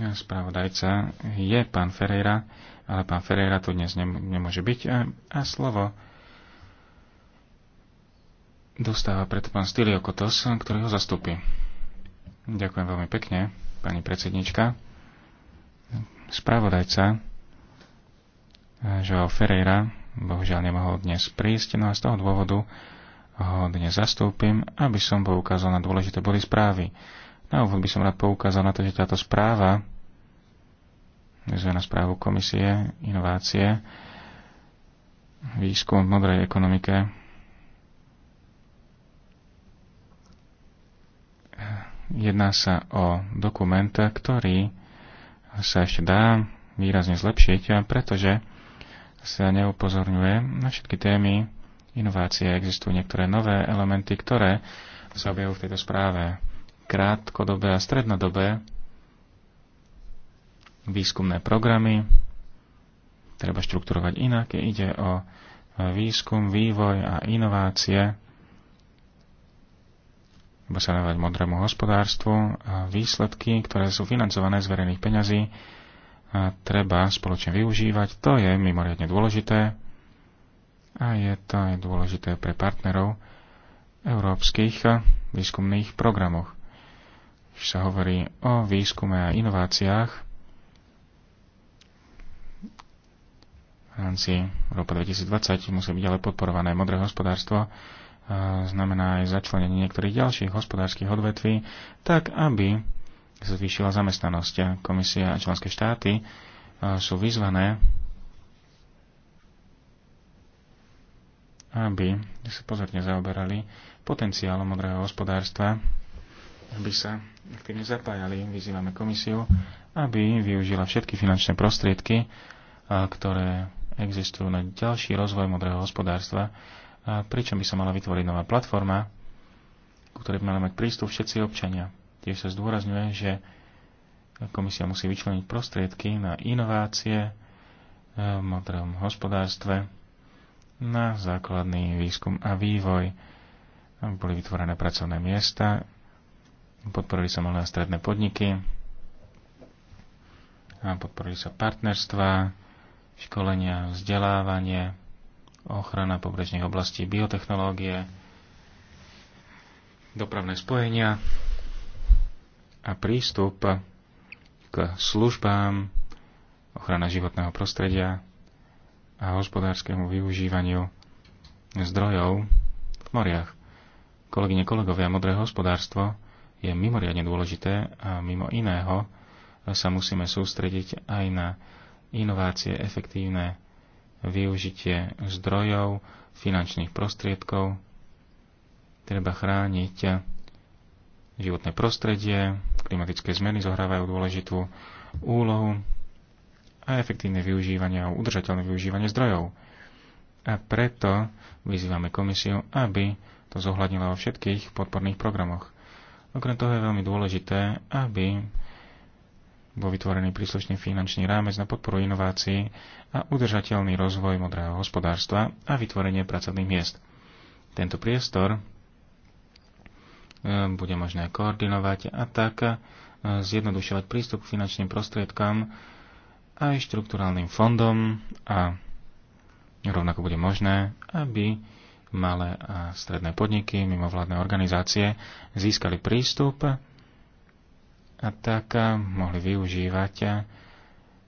Spravodajca je pán Ferreira, ale pán Ferreira tu dnes nemôže byť a, a slovo dostáva preto pán Stylio Kotos, ktorý ho zastupí. Ďakujem veľmi pekne, pani predsednička. Spravodajca Joao Ferreira bohužiaľ nemohol dnes prísť, no a z toho dôvodu ho dnes zastúpim, aby som ukázal na dôležité body správy. Na úvod by som rád poukázal na to, že táto správa, na správu Komisie inovácie, výskum v modrej ekonomike, jedná sa o dokument, ktorý sa ešte dá výrazne zlepšiť, pretože sa neupozorňuje na všetky témy, inovácie, existujú niektoré nové elementy, ktoré sa objavujú v tejto správe krátkodobé a strednodobé výskumné programy. Treba štrukturovať inak. Ide o výskum, vývoj a inovácie. Treba sa venovať modrému hospodárstvu a výsledky, ktoré sú financované z verejných peňazí, a treba spoločne využívať. To je mimoriadne dôležité a je to aj dôležité pre partnerov európskych výskumných programoch keď sa hovorí o výskume a inováciách v rámci Európa 2020 musí byť ale podporované modré hospodárstvo, znamená aj začlenenie niektorých ďalších hospodárskych odvetví, tak aby zvýšila zamestnanosť. Komisia a členské štáty sú vyzvané, aby sa pozorne zaoberali potenciálom modrého hospodárstva aby sa aktívne zapájali. Vyzývame komisiu, aby využila všetky finančné prostriedky, ktoré existujú na ďalší rozvoj modrého hospodárstva, pričom by sa mala vytvoriť nová platforma, ku ktorej by mali mať prístup všetci občania. Tiež sa zdôrazňuje, že komisia musí vyčleniť prostriedky na inovácie v modrom hospodárstve, na základný výskum a vývoj, aby boli vytvorené pracovné miesta, podporili sa malé a stredné podniky a podporili sa partnerstva, školenia, vzdelávanie, ochrana pobrežných oblastí, biotechnológie, dopravné spojenia a prístup k službám, ochrana životného prostredia a hospodárskemu využívaniu zdrojov v moriach. Kolegyne, kolegovia, modré hospodárstvo je mimoriadne dôležité a mimo iného sa musíme sústrediť aj na inovácie, efektívne využitie zdrojov, finančných prostriedkov. Treba chrániť životné prostredie, klimatické zmeny zohrávajú dôležitú úlohu a efektívne využívanie a udržateľné využívanie zdrojov. A preto vyzývame komisiu, aby to zohľadnila vo všetkých podporných programoch. Okrem toho je veľmi dôležité, aby bol vytvorený príslušný finančný rámec na podporu inovácií a udržateľný rozvoj modrého hospodárstva a vytvorenie pracovných miest. Tento priestor e, bude možné koordinovať a tak e, zjednodušovať prístup k finančným prostriedkom aj štruktúrálnym fondom a rovnako bude možné, aby malé a stredné podniky, mimovládne organizácie získali prístup a tak eh, mohli využívať eh,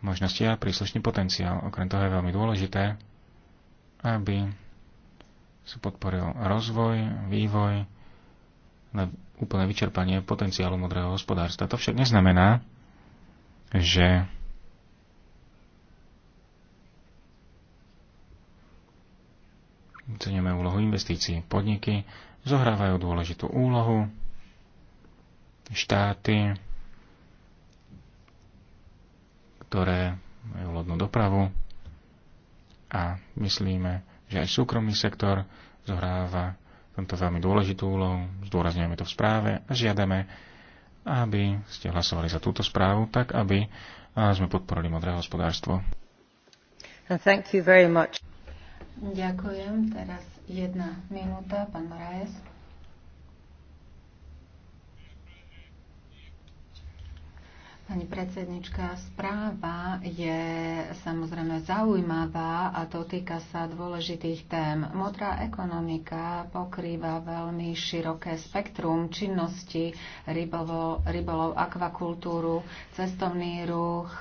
možnosti a príslušný potenciál. Okrem toho je veľmi dôležité, aby sa podporil rozvoj, vývoj, na úplné vyčerpanie potenciálu modrého hospodárstva. To však neznamená, že Ceníme úlohu investícií. Podniky zohrávajú dôležitú úlohu. Štáty, ktoré majú lodnú dopravu a myslíme, že aj súkromný sektor zohráva tento veľmi dôležitú úlohu, zdôrazňujeme to v správe a žiadame, aby ste hlasovali za túto správu, tak aby sme podporili modré hospodárstvo. Thank you very much. Ďakujem. Teraz jedna minúta, pán Moraes. Pani predsednička, správa je samozrejme zaujímavá a to týka sa dôležitých tém. Modrá ekonomika pokrýva veľmi široké spektrum činnosti rybolov, akvakultúru, cestovný ruch,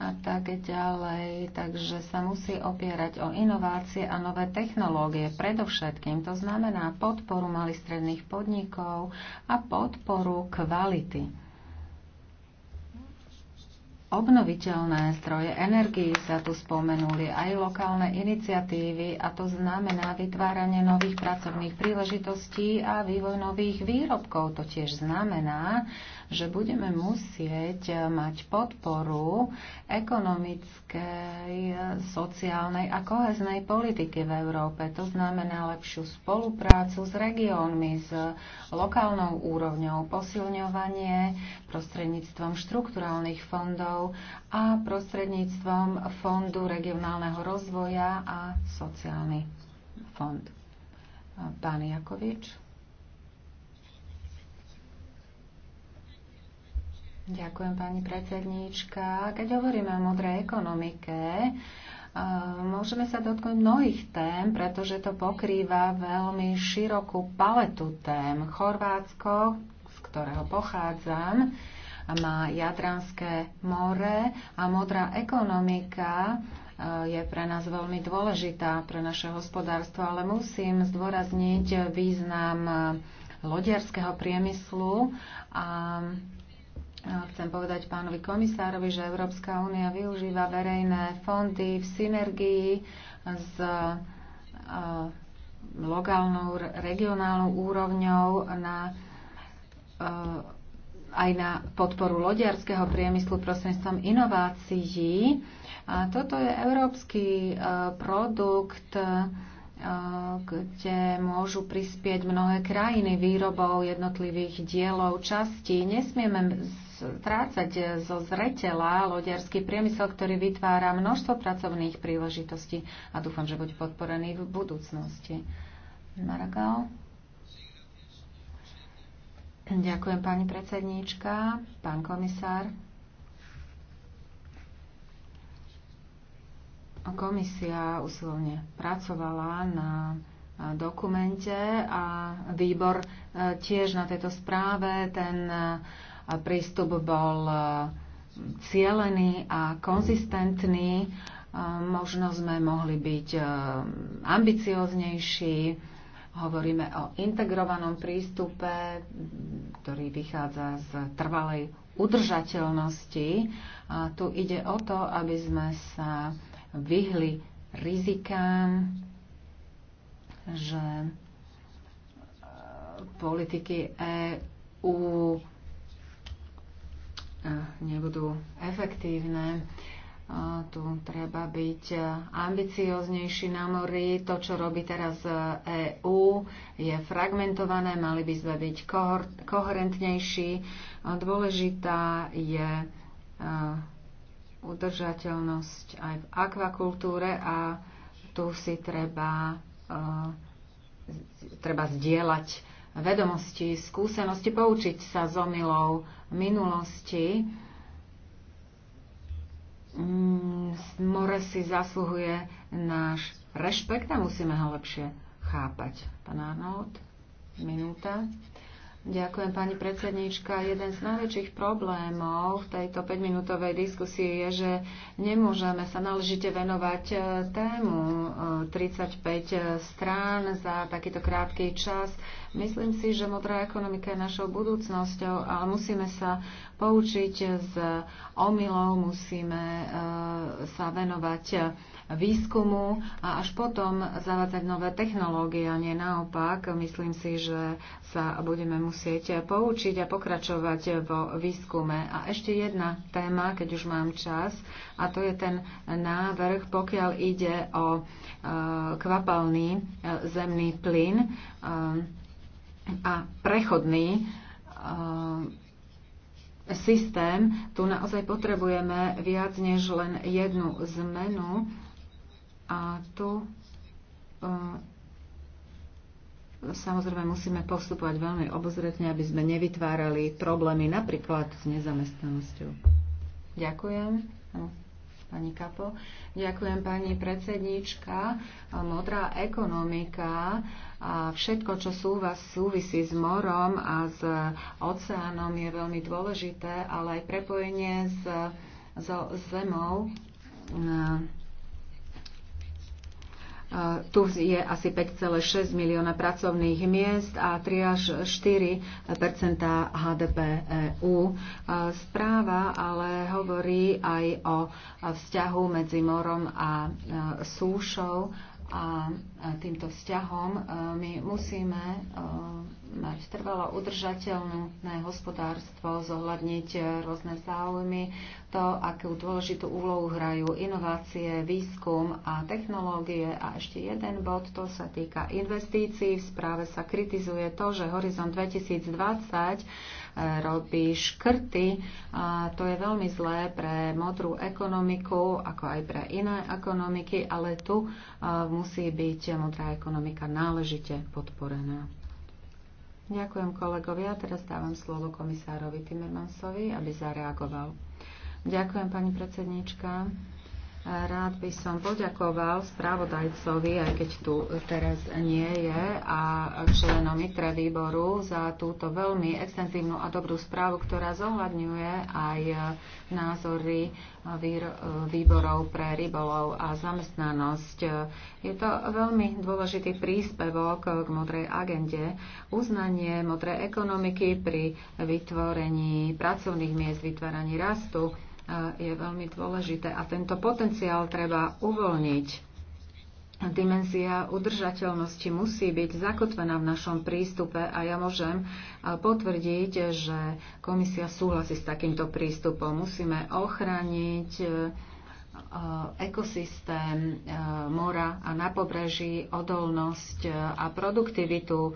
a tak ďalej. Takže sa musí opierať o inovácie a nové technológie. Predovšetkým to znamená podporu malých stredných podnikov a podporu kvality. Obnoviteľné zdroje energii sa tu spomenuli, aj lokálne iniciatívy a to znamená vytváranie nových pracovných príležitostí a vývoj nových výrobkov. To tiež znamená, že budeme musieť mať podporu ekonomickej, sociálnej a koheznej politiky v Európe. To znamená lepšiu spoluprácu s regiónmi, s lokálnou úrovňou, posilňovanie prostredníctvom štrukturálnych fondov, regiónov a prostredníctvom Fondu regionálneho rozvoja a sociálny fond. Pán Jakovič. Ďakujem, pani predsedníčka. Keď hovoríme o modrej ekonomike, môžeme sa dotknúť mnohých tém, pretože to pokrýva veľmi širokú paletu tém. Chorvátsko, z ktorého pochádzam, má Jadranské more a modrá ekonomika eh, je pre nás veľmi dôležitá pre naše hospodárstvo, ale musím zdôrazniť význam eh, lodiarského priemyslu a eh, Chcem povedať pánovi komisárovi, že Európska únia využíva verejné fondy v synergii s lokálnou, regionálnou úrovňou na aj na podporu lodiarského priemyslu prostredstvom inovácií. A toto je európsky e, produkt, e, kde môžu prispieť mnohé krajiny výrobou jednotlivých dielov, častí. Nesmieme strácať zo zretela loďarský priemysel, ktorý vytvára množstvo pracovných príležitostí a dúfam, že bude podporený v budúcnosti. Maragal? Ďakujem, pani predsedníčka, pán komisár. Komisia usilovne pracovala na dokumente a výbor e, tiež na tejto správe. Ten e, prístup bol e, cielený a konzistentný. Možno sme mohli byť ambicioznejší, Hovoríme o integrovanom prístupe, ktorý vychádza z trvalej udržateľnosti. A tu ide o to, aby sme sa vyhli rizikám, že e, politiky EÚ e, nebudú efektívne. Tu treba byť e, ambicioznejší na mori. To, čo robí teraz EÚ, e je fragmentované. Mali by sme byť koherentnejší. Dôležitá je e, udržateľnosť aj v akvakultúre a tu si treba, treba zdieľať vedomosti, skúsenosti, poučiť sa z omylov minulosti Mm, more si zasluhuje náš rešpekt a musíme ho lepšie chápať. Pán Arnold, minúta. Ďakujem, pani predsednička. Jeden z najväčších problémov v tejto 5-minútovej diskusii je, že nemôžeme sa náležite venovať e, tému 35 e, e, strán za takýto krátky čas. Myslím si, že modrá ekonomika je našou budúcnosťou, ale musíme sa poučiť z omylov, musíme sa venovať výskumu a až potom zavádzať nové technológie a nie naopak. Myslím si, že sa budeme musieť poučiť a pokračovať vo výskume. A ešte jedna téma, keď už mám čas, a to je ten návrh, pokiaľ ide o e, kvapalný e, zemný plyn e, a prechodný systém, tu naozaj potrebujeme viac než len jednu zmenu a tu e, samozrejme musíme postupovať veľmi obozretne, aby sme nevytvárali problémy napríklad s nezamestnanosťou. Ďakujem. Pani Kapo. Ďakujem pani predsednička. Modrá ekonomika a všetko, čo sú vás súvisí s morom a s oceánom je veľmi dôležité, ale aj prepojenie s, s zemou tu je asi 5,6 milióna pracovných miest a 3 až 4 HDP EU. Správa ale hovorí aj o vzťahu medzi morom a súšou a týmto vzťahom my musíme mať trvalo udržateľné hospodárstvo, zohľadniť rôzne záujmy, to, akú dôležitú úlohu hrajú inovácie, výskum a technológie. A ešte jeden bod, to sa týka investícií. V správe sa kritizuje to, že Horizont 2020 eh, robí škrty. A to je veľmi zlé pre modrú ekonomiku, ako aj pre iné ekonomiky, ale tu eh, musí byť modrá ekonomika náležite podporená. Ďakujem kolegovia. Teraz dávam slovo komisárovi Timmermansovi, aby zareagoval. Ďakujem, pani predsednička. Rád by som poďakoval správodajcovi, aj keď tu teraz nie je, a členom ITRE výboru za túto veľmi extenzívnu a dobrú správu, ktorá zohľadňuje aj názory výborov pre rybolov a zamestnanosť. Je to veľmi dôležitý príspevok k modrej agende. Uznanie modrej ekonomiky pri vytvorení pracovných miest, vytváraní rastu je veľmi dôležité a tento potenciál treba uvoľniť. Dimenzia udržateľnosti musí byť zakotvená v našom prístupe a ja môžem eh, potvrdiť, že komisia súhlasí s takýmto prístupom. Musíme ochrániť eh, eh, ekosystém mora a na pobreží, odolnosť a produktivitu.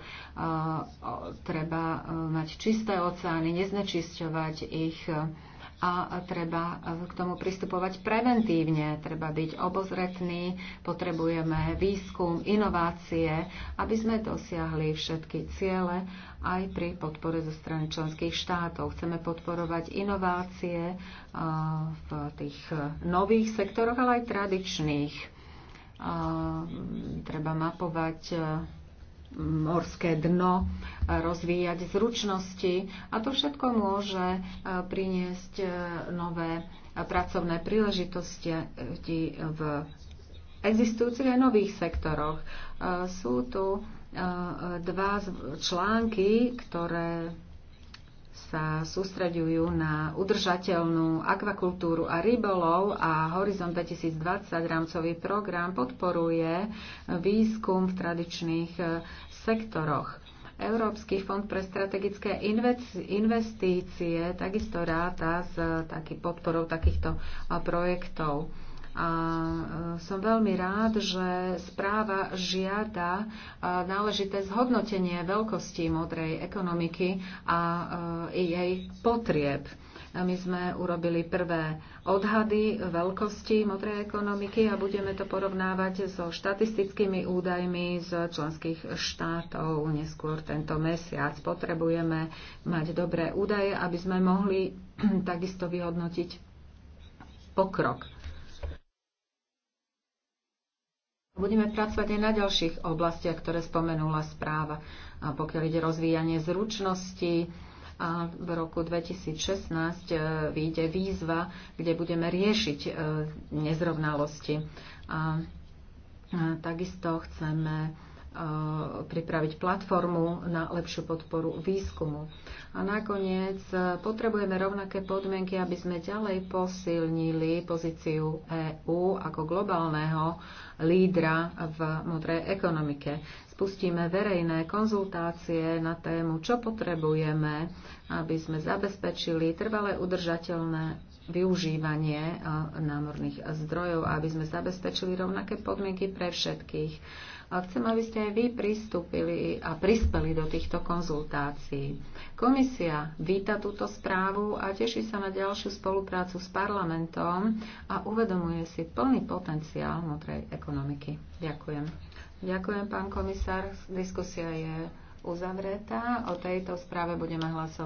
Treba mať čisté oceány, neznečisťovať ich a treba k tomu pristupovať preventívne, treba byť obozretný, potrebujeme výskum, inovácie, aby sme dosiahli všetky ciele aj pri podpore zo strany členských štátov. Chceme podporovať inovácie v tých nových sektoroch, ale aj tradičných. Treba mapovať morské dno, eh, rozvíjať zručnosti a to všetko môže eh, priniesť eh, nové pracovné príležitosti v existujúcich aj nových sektoroch. Sú tu dva články, ktoré sa sústreďujú na udržateľnú akvakultúru a rybolov a Horizon 2020 rámcový program podporuje výskum v tradičných e, sektoroch. Európsky fond pre strategické investície takisto ráta s e, taký podporou takýchto projektov. A e, som veľmi rád, že správa žiada e, náležité zhodnotenie veľkosti modrej ekonomiky a e, jej potrieb. My sme urobili prvé odhady veľkosti modrej ekonomiky a budeme to porovnávať so štatistickými údajmi z členských štátov neskôr tento mesiac. Potrebujeme mať dobré údaje, aby sme mohli takisto vyhodnotiť pokrok. Budeme pracovať aj na ďalších oblastiach, ktoré spomenula správa. A pokiaľ ide rozvíjanie zručnosti, a v roku 2016 e, vyjde výzva, kde budeme riešiť e, nezrovnalosti. A takisto chceme Eh, pripraviť platformu na lepšiu podporu výskumu. A nakoniec eh, potrebujeme rovnaké podmienky, aby sme ďalej posilnili pozíciu EÚ ako globálneho lídra v modrej ekonomike. Spustíme verejné konzultácie na tému, čo potrebujeme, aby sme zabezpečili trvalé udržateľné využívanie e, námorných zdrojov, aby sme zabezpečili rovnaké podmienky pre všetkých. Chcem, aby ste aj vy pristúpili a prispeli do týchto konzultácií. Komisia víta túto správu a teší sa na ďalšiu spoluprácu s parlamentom a uvedomuje si plný potenciál modrej ekonomiky. Ďakujem. Ďakujem, pán komisár. Diskusia je uzavretá. O tejto správe budeme hlasovať.